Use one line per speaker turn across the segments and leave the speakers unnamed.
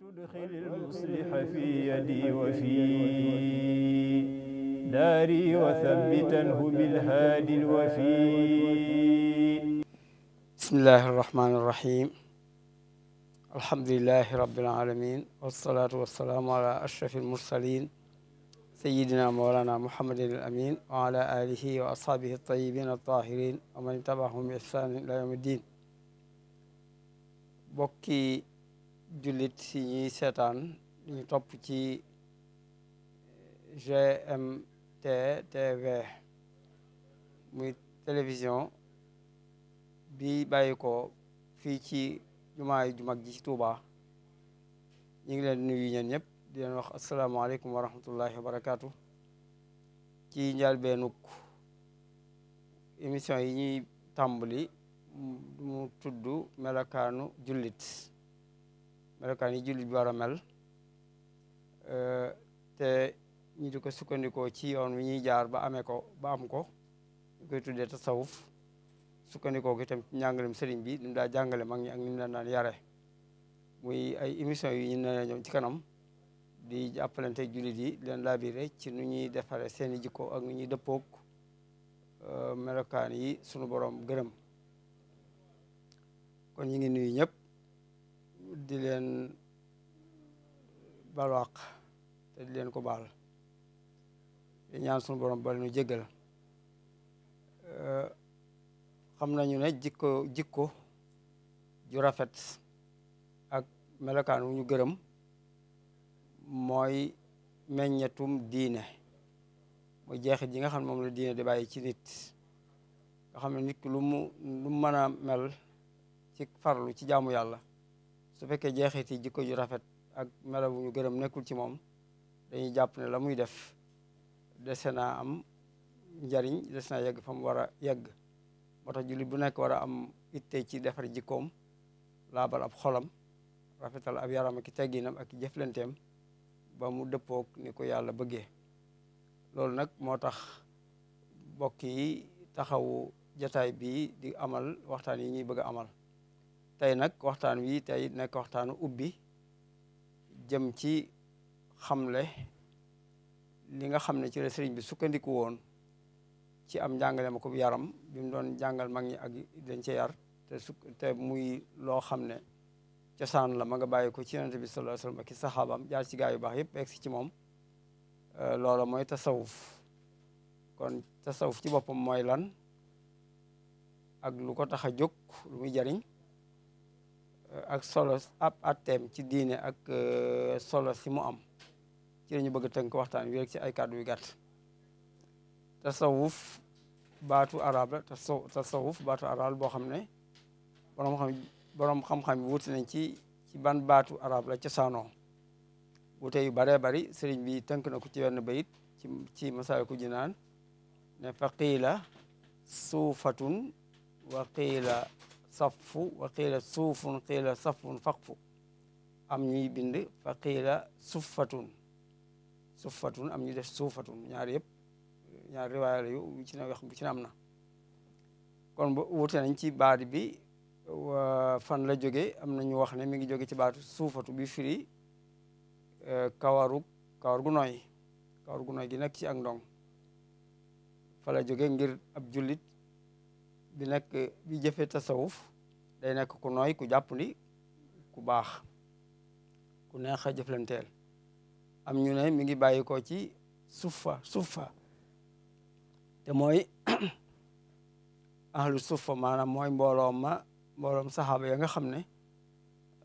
تدخل المصلح في يدي وفي داري وثبتنه بالهادي الوفي بسم الله الرحمن الرحيم الحمد لله رب العالمين والصلاة والسلام على أشرف المرسلين سيدنا مولانا محمد الأمين وعلى آله وأصحابه الطيبين الطاهرين ومن تبعهم بإحسان إلى يوم الدين بكي jullit si ñuy seetaan ñu topp ci eh, GMT TV muy télévision bi bàyyi fii ci jumaa ju mag ji ci Touba ñu ngi leen nuyu ñeen ñëpp di leen wax asalaamaaleykum wa rahmatullahi wa barakaatu ci njëlbéenug émission yi ñuy tàmbali mu tudd melokaanu jullit melokaan yi jullit bi war a mel euh, te ñu di ko sukkandikoo ci yoon wi ñuy jaar ba amee ko ba am ko ñu koy tuddee tasawuf sukkandikoo ko itam njàngalem sëriñ bi ni daa jàngale mag ñi ak ni mu daan daan yare muy ay émission yu ñu ne ñoom ci kanam di jàppalante jullit yi leen laabire ci nu ñuy defare seeni jikko ak nu ñuy dëppoog euh, melokaan yi sunu borom gërëm kon ñu ngi nuyu ñëpp di leen balwaq te di leen ko baal di ñaan sunu borom bal nu jégal xam nañu ne jikko jikko ju rafet ak melokaan wu ñu gërëm mooy meññetum diine mooy jeexit ji nga xam ne moom la diine di bàyyi ci nit nga xam ne nit ki lu mën mel ci farlu ci jaamu yàlla su fekkee jeexit yi ju rafet ak melo ñu gërëm nekkul ci moom dañuy jàpp ne la muy def dese naa am njariñ des naa yegg fa mu war a yegg moo tax jullit bu nekk war a am itte ci defar jikkoom laabal ab xolam rafetal ab yaram ak tegginam ak jëflanteem ba mu dëppook ni ko yàlla bëggee loolu nag moo tax mbokk yi taxawu jataay bii di amal waxtaan yi ñuy bëgg a amal tey nag waxtaan wii tey nekk waxtaanu ubbi jëm ci xamle li nga xam ne ci la bi sukkandiku woon ci am njàngale ma ko yaram bi doon jàngal mag ñi ak dañ ca yar te su muy loo xam ne cosaan la ma nga bàyyi ko ci yonent bi sallallahu alayhi wasallam ak i saxaabaam jaar ci gaa yu baax yëpp egg si ci moom euh, loola mooy tasawuf kon tasawuf ci boppam mooy lan ak lu ko tax a jóg lu muy jariñ Eh, ak solo ab atteem ci diine ak eh, solo si mu am ci la ñu bëgg a tënk waxtaan wi rek ci ay kàddu yu gàtt tasawuf baatu arab la tasawuf baatu arab boo xam ne borom xam borom xam-xam ci ci ban baatu arab la cosaanoo wuute yu baree bari sëriñ bi tënk na ko ci wenn bayit ci ci Masaalikul Jinaan ne fa suufatun wa saffu wa qiila suufun qiila saffun faqfu am ñi bind fa qiila suffatun suffatun am ñu def suufatun ñaar yëpp ñaar riwaaya la yu bu ci am na kon bu wute nañ ci baat bi fan la jóge am na ñu wax ne mi ngi jóge ci baatu suufatu bi firi e, kawaru kawar gu nooy kawar gu nooy gi nag ci ak ndong fa la jóge ngir ab jullit di bi di jëfe tasawuf day nekk ku nooy ku jàpp ni ku baax ku neex a jëflanteel am ñu ne mi ngi bàyyi ko ci suffa suffa te mooy ahlu suufa maanaam mooy mbooloom ma mbooloom saxaaba ya nga xam ne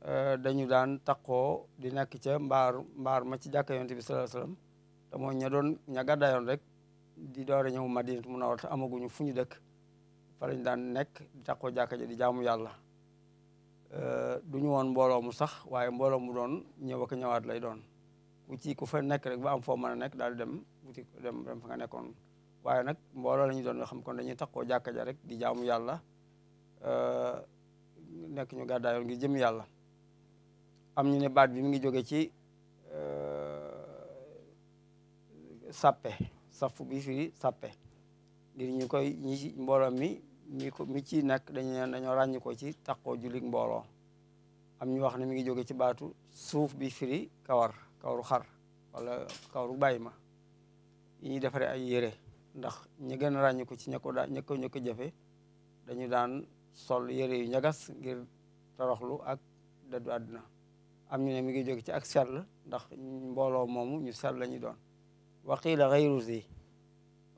eh, dañu daan taqoo di nekk ca mbaar mbaar ma ci jàkka yonent bi sallallahu alayhi te mooy ña doon ña gàddayoon rek di doore ñëw madinatu munawwara amaguñu fu ñu dëkk fa lañ daan nekk di tàqoo di jaamu yàlla euh, du ñu woon mbooloo mu sax waaye mbooloo mu doon ñëw ak ñëwaat lay doon ku ci ku fa nekk rek waa am foo mën a nekk daal di dem wuti dem dem fa nga nekkoon waaye nag mbooloo lañu doon xam kon dañuy tàqoo jàkka ja rek di jaamu yàlla euh, nekk ñu gàddaayoon ngir jëm yàlla am ñu ne baat bi mi ngi joge ci euh, sappe safu bi firi sappe ngir ñu koy ñi mbooloo mi mi ko ci nekk dañu neen dañoo ràññi ko ci taqoo jullit mbooloo am ñu wax ne mi ngi joge ci baatu suuf bi firi kawar kawaru xar wala kawaru bàyyi ma yi ñuy defaree ay yére ndax ñi gën a ko ci ñekko ko daa ña ko ña dañu daan sol yére yu ñagas ngir toroxlu ak dëddu àdduna am ñu ne mi ngi jóge ci ak sell ndax mbooloo moomu ñu sell la doon waqiila xayru zi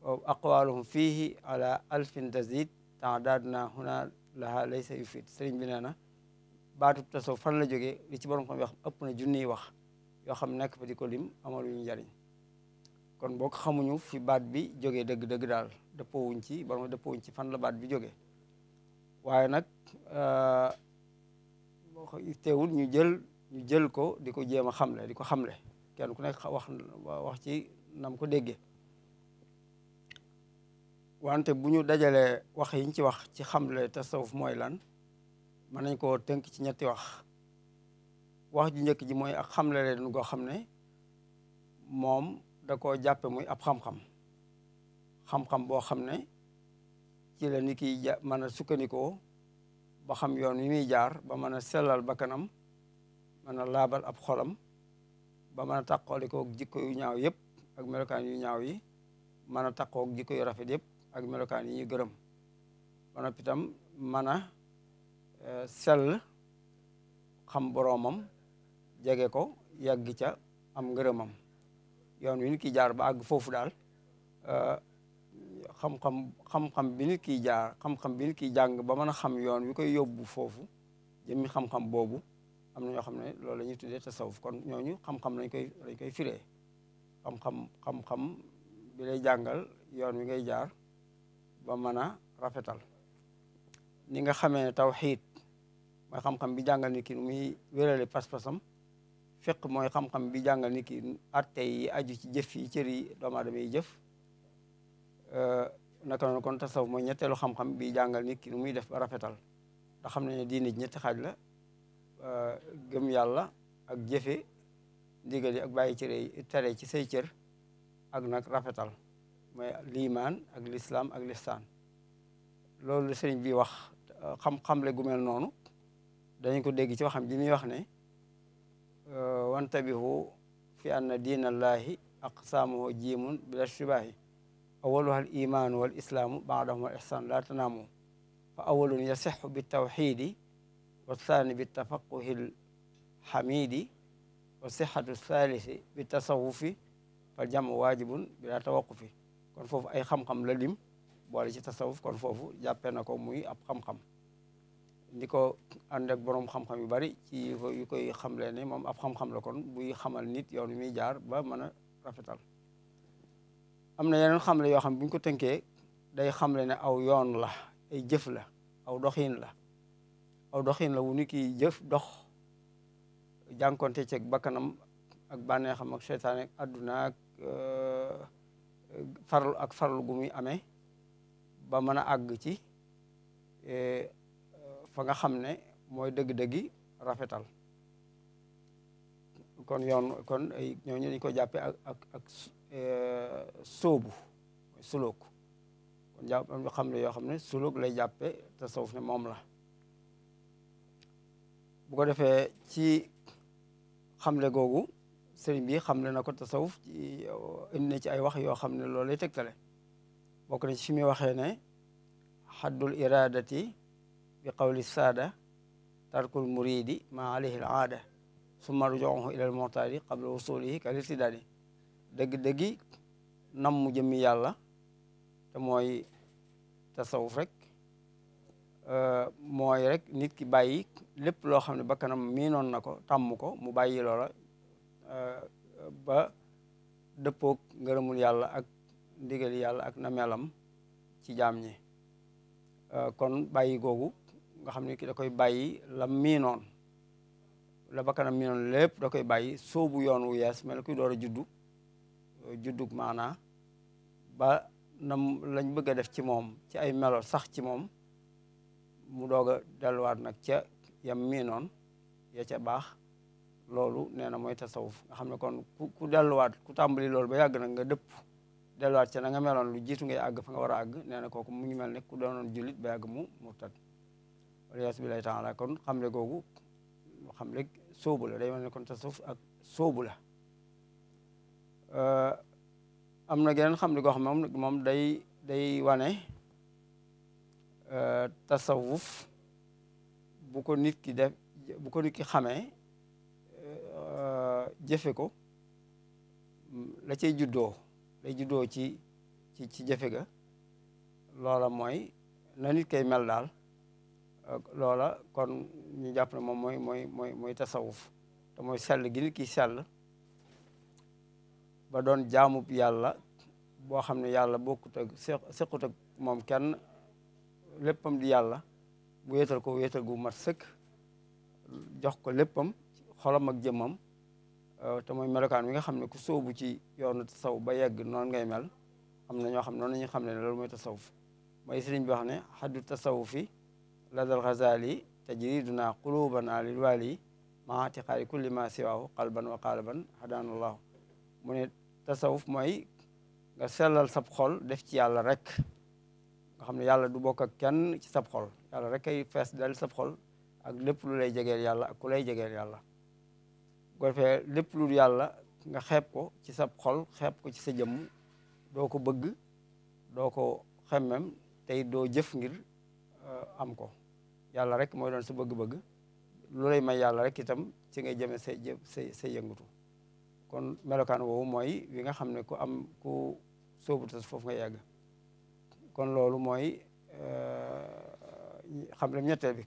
aqwaluhum fiihi ala alfin tazid tadaaduna huna laha laysa yufid sëriñ bi nee na baatu taso fan la jógee li ci borom xam wax ëpp na junniy wax yoo xam nakk fa di ko lim amaluñu njariñ kon boo xamuñu fi baat bi jógee dëgg-dëgg daal dëppoowuñ ci borom dëppoowuñ ci fan la baat bi jógee waaye nag euh, teewul ñu jël ñu jël ko di ko jéem a xamle di ko xamle kenn ku nekk wax wax ci nam ko déggee wante bu ñu dajalee wax yiñ ci wax ci xamle tasawuf mooy lan mën nañ koo tënk ci ñetti wax wax ji njëkk ji mooy ak xamle leen goo xam ne moom da koo jàppe muy ab xam-xam xam-xam boo xam ne ci la nit ki ja mën a sukkandikoo ba xam yoon wi muy jaar ba mën a sellal bakkanam mën a laabal ab xolam ba mën a tàqoolikoo jikko yu ñaaw yëpp ak melokaan yu ñaaw yi mën a tàqoo jikko yu rafet yëpp ak melokaan yi ñuy gërëm ba noppi itam sel a e, sell xam boroomam jege ko yàgg ca am ngërëmam yoon wi nit ki jaar ba àgg foofu daal e, xam-xam xam-xam bi nit kiy jaar xam-xam bi nit kiy jàng ba mën a xam yoon wi koy yóbbu foofu jëmmi xam-xam boobu am na ñoo xam ne loolu la ñuy tuddee tasawuf kon ñooñu xam-xam lañ koy lañ koy firee xam-xam xam-xam bi lay yoon wi ngay jaar ba mën a rafetal ni nga xamee ne tawxiid mooy xam-xam bi jàngal ni ki nu muy wérale pas-pasam fiq mooy xam-xam bi jàngal ni ki atte yi aju ci jëf yi cër doomu adama yi jëf naka noonu kon tasaw mooy ñetteelu xam-xam bi jàngal ni nu muy def ba rafetal ndax xam ne ne diine ñetti xaaj la gëm yàlla ak jëfe ndigal ak bàyyi cër yi tere ci say cër ak nak rafetal mooy liimaan ak lislaam ak lihsaan loolu sëriñ bi wax xam-xam le gu mel noonu dañ ko dégg ci waxam ji muy wax ne wantabihu fi anna diinallaahi aqsaamuhu jiimun bila shibaahi awaluha al imaanu wal islaamu baadahum al ihsaan laa tanaamu fa awalun yasixu bi tawxiidi wa thaani bi tafaquhi l xamiidi wa sixatu thalisi bi tasawufi fa jamu waajibun bila tawaqufi kon foofu ay xam-xam la lim boole ci tasawuf kon foofu jàppee na ko muy ab xam-xam ni ko ànd ak borom xam-xam yu bari ci yu koy xamle ne moom ab xam-xam la kon buy xamal nit yoon muy jaar ba mën a rafetal. am na yeneen xamle yoo xam bu ñu ko tënkee day xamle ne aw yoon la ay jëf la aw doxin la aw doxin la wu ni kii jëf dox jànkonte ceeg bakkanam ak bànneexam ak seytaane ak àdduna euh, farlu ak farlu gu muy amee ba mën a àgg ci e, fa nga xam ne mooy dëgg-dëggi rafetal kon yoon kon ñooñu dañu ko jàppee ak ak ak e, sóobu sulook kon jàpp nga xam ne yoo xam ne sulook lay jàppee tasawuf ne moom la bu ko defee ci xamle googu sëriñ bi xam le na ko tasawuf euh, indi na ci ay wax yoo xam ne loolu lay tegtale bokk na ci fi muy waxee ne xaddul iradati bi qawli saada tarkul muridi ma alayhi al aada summa rujuuhu ila al mu'tadi qabla wusulihi kal irtidaadi dëgg-dëggi nam mu jëmmi yàlla te mooy tasawuf rek euh, mooy rek nit ki bàyyi lépp loo xam ne bakkanam miinoon na ko tàmm ko mu bàyyi loola ba dëppook ngërëmul yàlla ak ndigal yàlla ak na melam ci jaam ñi euh, kon bàyyi googu nga xam ne kii da koy bàyyi la miinoon la bakkanam miinoon lépp da koy bàyyi sóobu yoon wu yees mel kuy door a juddu euh, juddug maanaa ba nam lañ bëgg a def ci moom ci ay melo sax ci moom mu doog a delluwaat nag ca yam miinoon ya ca baax loolu nee na mooy tasawuf nga xam ne kon ku ku delluwaat ku tàmbali loolu ba yàgg nag nga dëpp delluwaat ca na nga meloon lu jiitu ngay àgg fa nga war a àgg nee na kooku mu ngi mel ne ku doonoon jullit ba yàgg mu murtad waliyaasu billaahi taala kon xam le googu xam le sóobu la day mel ne kon ak sóobu la am na geneen xam le goo xam ne moom moom day day wane tasawuf bu ko nit ki def bu ko nit ki xamee jëfe ko la cay juddoo lay juddoo ci ci ci jëfe ga loola mooy na nit kay mel daal loola kon ñu jàpp ne moom mooy mooy mooy tasawuf te mooy sell gi nit ki sell ba doon jaamub yàlla boo xam ne yàlla bokkut ak sequt ak moom kenn léppam di yàlla bu wéetal ko wéetal gu mat sëkk jox ko léppam xolam ak jëmmam Euh, te mooy melokaan wi nga xam ne ku sóobu ci yoonu tasaw ba yegg noonu ngay mel am na ñoo xam noonu nañu xam ne loolu mooy tasawuf mooy sëriñ bi wax ne xaddu tasawufi ladal xazali tajriduna qulubana lil wali ma tiqaari kulli ma siwaahu qalban wa qaalaban hadana allahu mu ne tasawuf mooy nga sellal sab xol def ci yàlla rek nga xam ne yàlla du bokk ak kenn ci sab xol yàlla rek ay fees dal sab xol ak lépp lu lay jegeel yàlla ak ku lay jegeel yàlla bu ko lépp lu yàlla nga xeeb ko ci sa xol xeeb ko ci sa jëmm doo ko bëgg doo ko xemmem tey doo jëf ngir euh, am ko yàlla rek mooy doon sa bëgg-bëgg lu lay may yàlla rek itam ci ngay jëme sa say say yëngatu kon melokaan woowu mooy wi nga xam ne ku am ku sóobu tas nga yàgg kon loolu mooy euh, xam ne ñetteel bi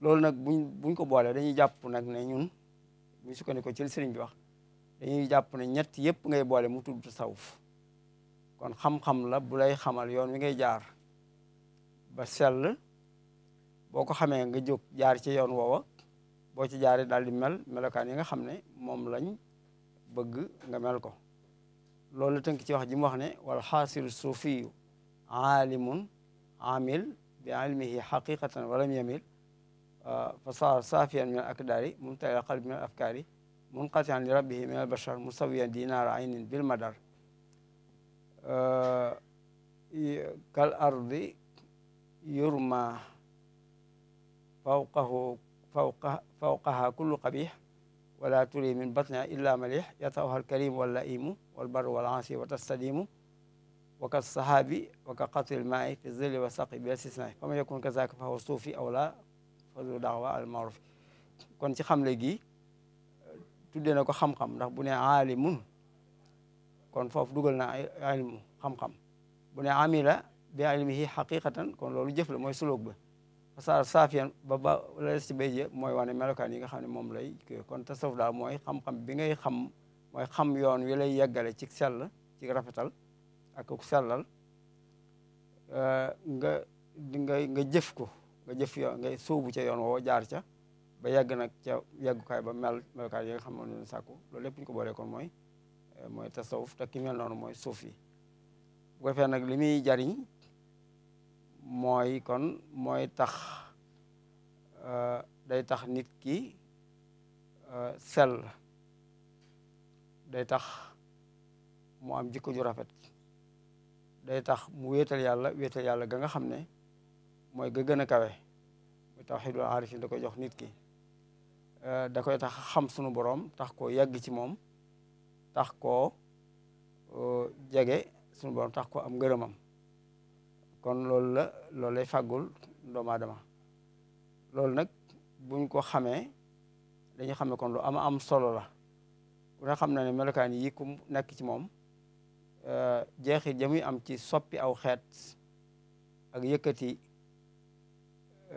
loolu nag buñ buñ ko boolee dañuy jàpp nag ne ñun bu ñu sukkandikoo ci li sëriñ bi wax dañuy jàpp ne ñett yëpp ngay boole mu tudd tasawuf kon xam-xam la bu lay xamal yoon wi ngay jaar ba sell boo ko xamee nga jóg jaar ci yoon woowa boo ci jaaree daal di mel melokaan yi nga xam ne moom lañ bëgg nga mel ko loolu tënk ci wax ji mu wax ne wal xaasiru suufiyu aalimun amil bi ilmihi xaqiqatan walam yamil fa saar saafiyan min al akdaari mumtali al qalbi min al afkaari munqatian li rabbihi min al bashar musawiyan dinaara aynin bil madar kal ardi yurma fawqahu fawqa fawqaha kullu qabih wala turi min batniha illa malih yatawha alkarim wallaimu walbarru walasi wa tastadimu wa ka sahabi wa ka qatri lmaai fi zilli wa saqi bila sisnai faman yakun kazaka fahuwa suufi aw la fasu daawa al maaruf kon ci xamle gi tuddee na ko xam-xam ndax bu ne aalimun kon foofu dugal na ilmu xam-xam bu ne amila bi ilmihi xaqiqatan kon loolu jëf la mooy suluk ba fasaar saafiyan ba ba la ci béy mooy wane melokaan yi nga xam ne moom lay kon tasawuf daal mooy xam-xam bi ngay xam mooy xam yoon wi lay yeggale ci sell ci rafetal ak sellal euh, nga nga nga jëf ko nga jëf yoon ngay sóobu ca yoon woo jaar ca ba yàgg nag ca yàggukaay ba mel melukaay yi nga xam ne sàkku loolu lépp ñu ko boolee kon mooy eh, mooy tasawuf te ki mel noonu mooy suuf yi bu nag li muy jariñ mooy kon mooy tax eh, day tax nit ki eh, sell day tax mu am jikko ju rafet day tax mu wéetal yàlla wéetal yàlla ga nga xam ne mooy ga gën a kawe mu tawxiidul aarifin da koy jox nit ki eh, da koy tax xam sunu borom tax koo yàgg ci moom tax koo eh, jege sunu borom tax ko am ngërëmam kon loolu la loolu lay fàggul doomu loolu nag buñ ko xamee dañu xamee kon lu ama am solo la ku ne xam na ne melokaan yi ku nekk ci moom eh, jeexit ja muy am ci soppi aw xeet ak yëkkati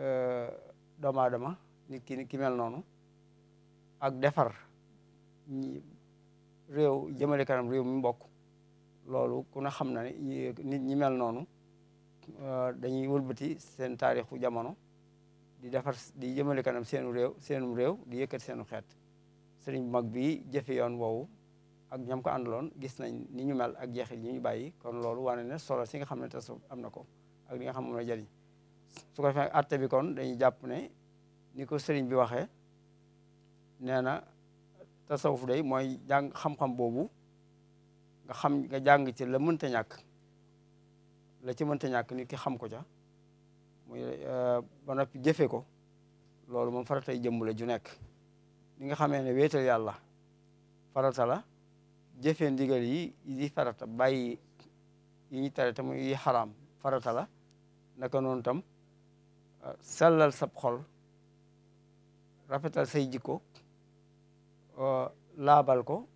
Euh, doomu aadama nit ki ki mel noonu ak defar réew jëmale kanam réew mu mbokk loolu ku ne xam na ne nit ñi mel noonu euh, dañuy wëlbati seen taarixu jamono di defar di jëmale kanam seenu réew seenum réew di yëkkat seenu xeet sëriñ bu mag bi jëfe yoon woowu ak ñam ko àndaloon gis nañ ni ñu mel ak jeexit yi ñu bàyyi kon loolu wane ne solo si nga xam ne tasawuf am na ko ak li nga xam moom su ko defee atte bi kon dañuy jàpp ne ni ko sëriñ bi waxe nee na tasawuf day mooy jàng xam-xam boobu nga xam nga jàng ci la mënta ñàkk la ci mënta ñàkk nit ki xam ko ca muy euh, ba noppi jëfe ko loolu moom faratay jëmm la ju nekk ni nga xamee ne wéetal yàlla farata la jëfe ndigal yi di farata bàyyi yi ñu tere te muy xaraam farata la naka noonu tam sellal sab xol rafetal say jikko euh, laabal ko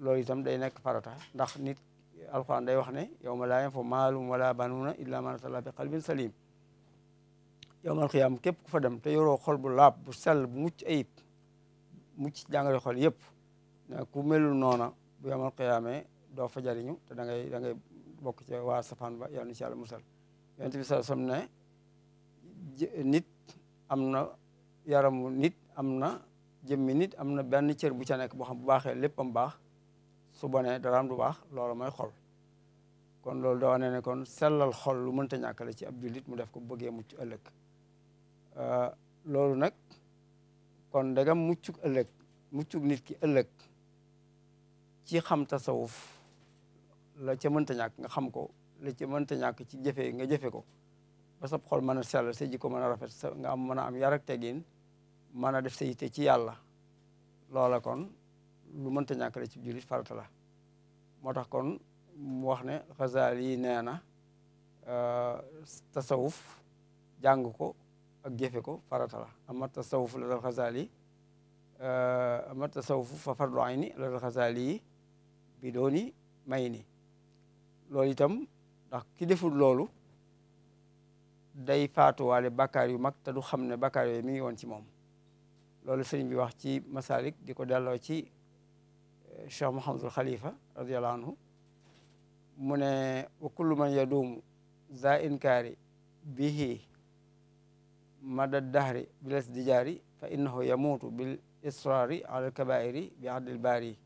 loolu itam day nekk farata ndax nit alxuraan day wax ne yawma laa yanfa'u maalun wala banuuna illaa man atallah bi qalbin salim yawmal qiyaam képp ku fa dem te yoroo xol bu laab bu sell bu mucc ayib mucc jàngale xol yëpp na ku melul noona bu yawmal qiyaamee doo fa jariñu te dangay ngay bokk ci waa safaan ba yàlla na ci yàlla musal yonent bi sallallahu nit am na yaram nit am na jëmmi nit am na benn cër bu ca nekk boo xam bu baaxee lépp léppam baax su bonee am du baax loolu mooy xol kon loolu da wane ne kon sellal xol lu mënta ñàkkale ci ab jullit mu def ko bëggee mucc ëllëg euh, loolu nag kon ndegam muccuk ëllëg muccuk nit ki ëllëg ci xam tasawuf la ca mënta nga xam ko la ca mënta ñàkk ci jëfe nga jëfe ko ba sa xol mën a sell sa jikko mën rafet sa nga am mën a am yar ak tegin mën a def sa yitte ci yàlla loola kon lu mënta ñàkk la ci jullit farata la moo tax kon mu wax ne Xasaali yi nee na euh, tasawuf jàng ko ak jëfe ko farata la ama tasawuf la dal Xasaali euh, ama tasawuf fa fardu ayni la dal Xasaali yi may ni loolu itam ndax ki deful loolu day faatuwaale bakkaar yu mag te du xam ne bakkaar mi ngi woon ci moom loolu sëriñ bi wax ci masalik di ko delloo ci eh, cheikh Mouhamadul Khalifa radiallahu anhu mu ne wa man yaduumu za inkaari bihi mada dahri bilas dijaari fa innahu yamuutu bil israari alkabairi bi adil baari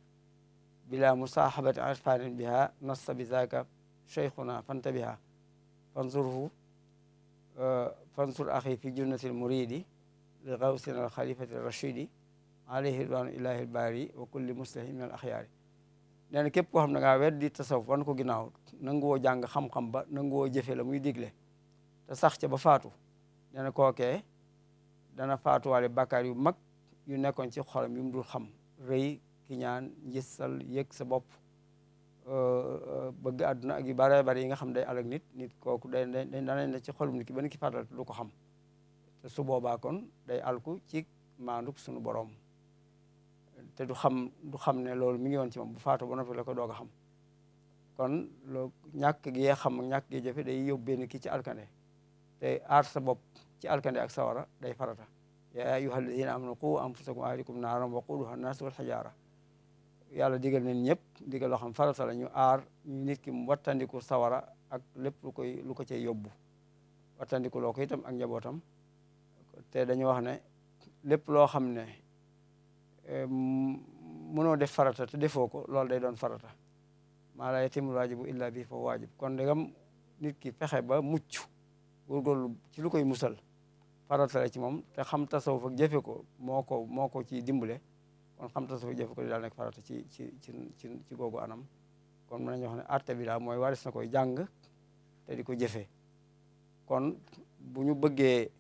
bila musaahabati arfanin biha nassa bi zaka cheikhuna fantabiha fanzurhu fansur axi fi junnatil muridi li xawsina al xalifati rachidi alayhi ridwanu ilahi al baari wa kulli muslimin min al axyaari nee na képp koo weddi tasawuf wan ko ginnaaw nanguwoo jàng xam-xam ba nanguwoo jëfe la muy digle te sax ca ba faatu nee na kookee dana faatuwaale bàkkaar yu mag yu nekkoon ci xolam yu dul xam rëy ki ñaan njissal yëg sa bopp bëgg àdduna ak yu bare bari yi nga xam day alak nit nit kooku day day danañ na ci xolum nit ki ba nit ki fàttal du ko xam te su boobaa kon day alku ci maanduk suñu boroom te du xam du xam ne loolu mi ngi woon ci moom bu faatu ba noppi la ko doog a xam kon loo ñàkk gee xam ñàkk gee jafe day yóbbee ni ki ci alkande te aar sa bopp ci alkande ak sawara day farata yaa ayyuha alladina amanu qu anfusakum ahlikum naaran waquduha annaasu wal hijaara yàlla digal nañ ñëpp digal loo xam farata la ñu aar nit ki mu wattandiku sawara ak lépp lu koy lu ko cay yóbbu wattandiku loo ko itam ak njabootam te dañu wax ne lépp loo xam ne eh, mënoo def farata te defoo ko loolu day doon farata maa laa yatimul waajibu illa bi fa waajib kon dagam nit ki fexe ba mucc góorgóorlu ci lu koy musal farata la ci moom te xam tasawuf ak jëfe ko moo ko moo ko ci dimbale kon xam ta safa jëfe ko di daal nekk farata ci ci ci anam kon mën nañu wax ne arte bi daal mooy waris na koy jàng te di ko jëfe kon bu ñu bëggee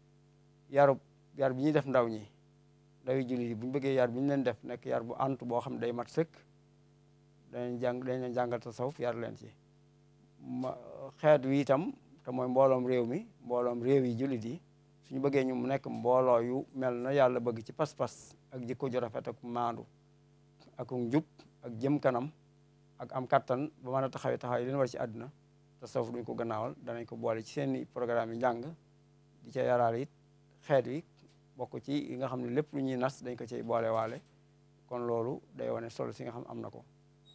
yarub yar bi ñuy def ndaw ñi ndawi jullit yi bu ñu bëggee yar bi ñu leen def nekk yar bu antu boo xam ne day mat sëkk dañu jàng dañ leen jàngal tasawuf yar leen ci ma xeet wi itam te mooy mbooloom réew mi mbooloom réew yi jullit yi suñu bëggee ñu nekk mbooloo mel na yàlla bëgg ci pas-pas ak jikko ju rafet ak maandu ak njub ak jëm kanam ak am kattan ba mën a taxawee taxaw yi leen war ci àdduna tasawuf duñ ko ganaawal danañ ko boole ci seen programme yi njàng di ca yaraale xeet wi bokk ci yi nga xam ne lépp lu ñuy nas dañ ko cay boole waale kon loolu day wane solo si nga xam am na ko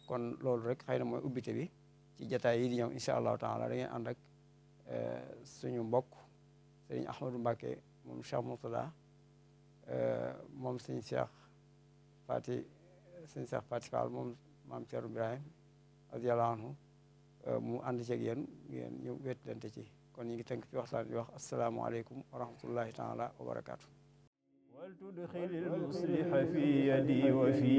kon loolu rek xëy na mooy ubbite bi ci jataay yi di incha allahu taala da ngeen ànd ak eh, suñu mbokk sëriñ Ahmadou Mbacke moom Cheikh Mourtada Eh, moom sëñ Cheikh Fati sëñ Cheikh Fati Fall moom maam Thierno Ibrahim radiyallahu anhu eh, mu ànd ceeg yéen ngeen ñu ci kon ñu ngi tënk ci waxtaan bi wax asalaamaaleykum wa rahmatullahi taala wa barakaatu wal tudxil almusliha fi yadi wa fi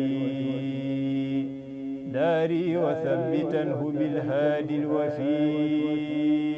daari wa thabbitanhu bilhaadi alwafi